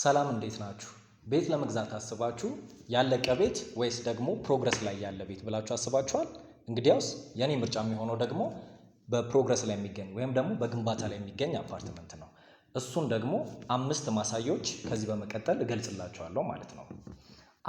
ሰላም እንዴት ናችሁ? ቤት ለመግዛት አስባችሁ ያለቀ ቤት ወይስ ደግሞ ፕሮግረስ ላይ ያለ ቤት ብላችሁ አስባችኋል? እንግዲያውስ የኔ ምርጫ የሚሆነው ደግሞ በፕሮግረስ ላይ የሚገኝ ወይም ደግሞ በግንባታ ላይ የሚገኝ አፓርትመንት ነው። እሱን ደግሞ አምስት ማሳያዎች ከዚህ በመቀጠል እገልጽላችኋለሁ ማለት ነው።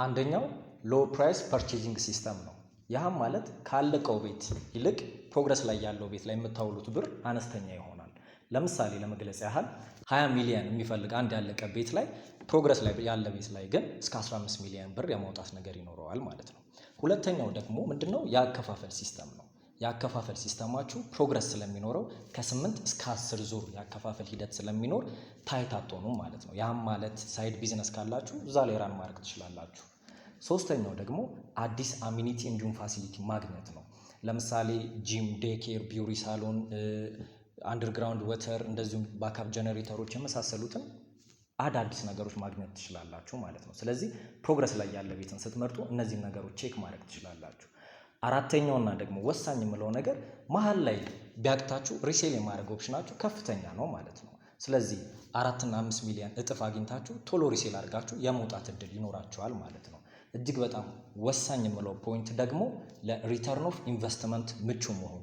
አንደኛው ሎ ፕራይስ ፐርቼዚንግ ሲስተም ነው። ያህም ማለት ካለቀው ቤት ይልቅ ፕሮግረስ ላይ ያለው ቤት ላይ የምታውሉት ብር አነስተኛ ይሆናል። ለምሳሌ ለመግለጽ ያህል 20 ሚሊዮን የሚፈልግ አንድ ያለቀ ቤት ላይ ፕሮግረስ ላይ ያለ ቤት ላይ ግን እስከ 15 ሚሊዮን ብር የማውጣት ነገር ይኖረዋል ማለት ነው። ሁለተኛው ደግሞ ምንድነው የአከፋፈል ሲስተም ነው። የአከፋፈል ሲስተማችሁ ፕሮግረስ ስለሚኖረው ከ8 እስከ 10 ዙር የአከፋፈል ሂደት ስለሚኖር ታይት አትሆኑም ማለት ነው። ያም ማለት ሳይድ ቢዝነስ ካላችሁ እዛ ላይ ራን ማድረግ ትችላላችሁ። ሶስተኛው ደግሞ አዲስ አሚኒቲ እንዲሁም ፋሲሊቲ ማግኘት ነው። ለምሳሌ ጂም፣ ዴኬር፣ ቢውሪ ሳሎን አንደርግራውንድ ወተር እንደዚሁም ባካፕ ጀነሬተሮች የመሳሰሉትን አዳዲስ ነገሮች ማግኘት ትችላላችሁ ማለት ነው። ስለዚህ ፕሮግረስ ላይ ያለ ቤትን ስትመርጡ እነዚህን ነገሮች ቼክ ማድረግ ትችላላችሁ። አራተኛውና ደግሞ ወሳኝ የምለው ነገር መሀል ላይ ቢያቅታችሁ ሪሴል የማድረግ ኦፕሽናችሁ ከፍተኛ ነው ማለት ነው። ስለዚህ አራትና አምስት ሚሊዮን እጥፍ አግኝታችሁ ቶሎ ሪሴል አድርጋችሁ የመውጣት እድል ይኖራችኋል ማለት ነው። እጅግ በጣም ወሳኝ የምለው ፖይንት ደግሞ ለሪተርን ኦፍ ኢንቨስትመንት ምቹ መሆኑ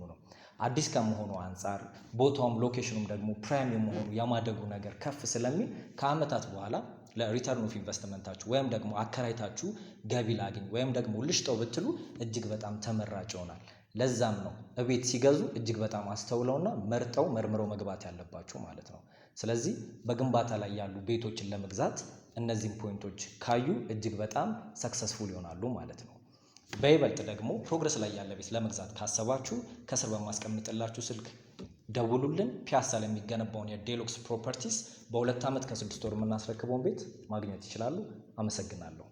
አዲስ ከመሆኑ አንጻር ቦታውም ሎኬሽኑም ደግሞ ፕራይም የመሆኑ የማደጉ ነገር ከፍ ስለሚል ከአመታት በኋላ ለሪተርን ኦፍ ኢንቨስትመንታችሁ ወይም ደግሞ አከራይታችሁ ገቢ ላግኝ ወይም ደግሞ ልሽጠው ብትሉ እጅግ በጣም ተመራጭ ይሆናል። ለዛም ነው እቤት ሲገዙ እጅግ በጣም አስተውለውና መርጠው መርምረው መግባት ያለባቸው ማለት ነው። ስለዚህ በግንባታ ላይ ያሉ ቤቶችን ለመግዛት እነዚህም ፖይንቶች ካዩ እጅግ በጣም ሰክሰስፉል ይሆናሉ ማለት ነው። በይበልጥ ደግሞ ፕሮግረስ ላይ ያለ ቤት ለመግዛት ካሰባችሁ ከስር በማስቀምጥላችሁ ስልክ ደውሉልን። ፒያሳ ላይ የሚገነባውን የዴሉክስ ፕሮፐርቲስ በሁለት ዓመት ከስድስት ወር የምናስረክበውን ቤት ማግኘት ይችላሉ። አመሰግናለሁ።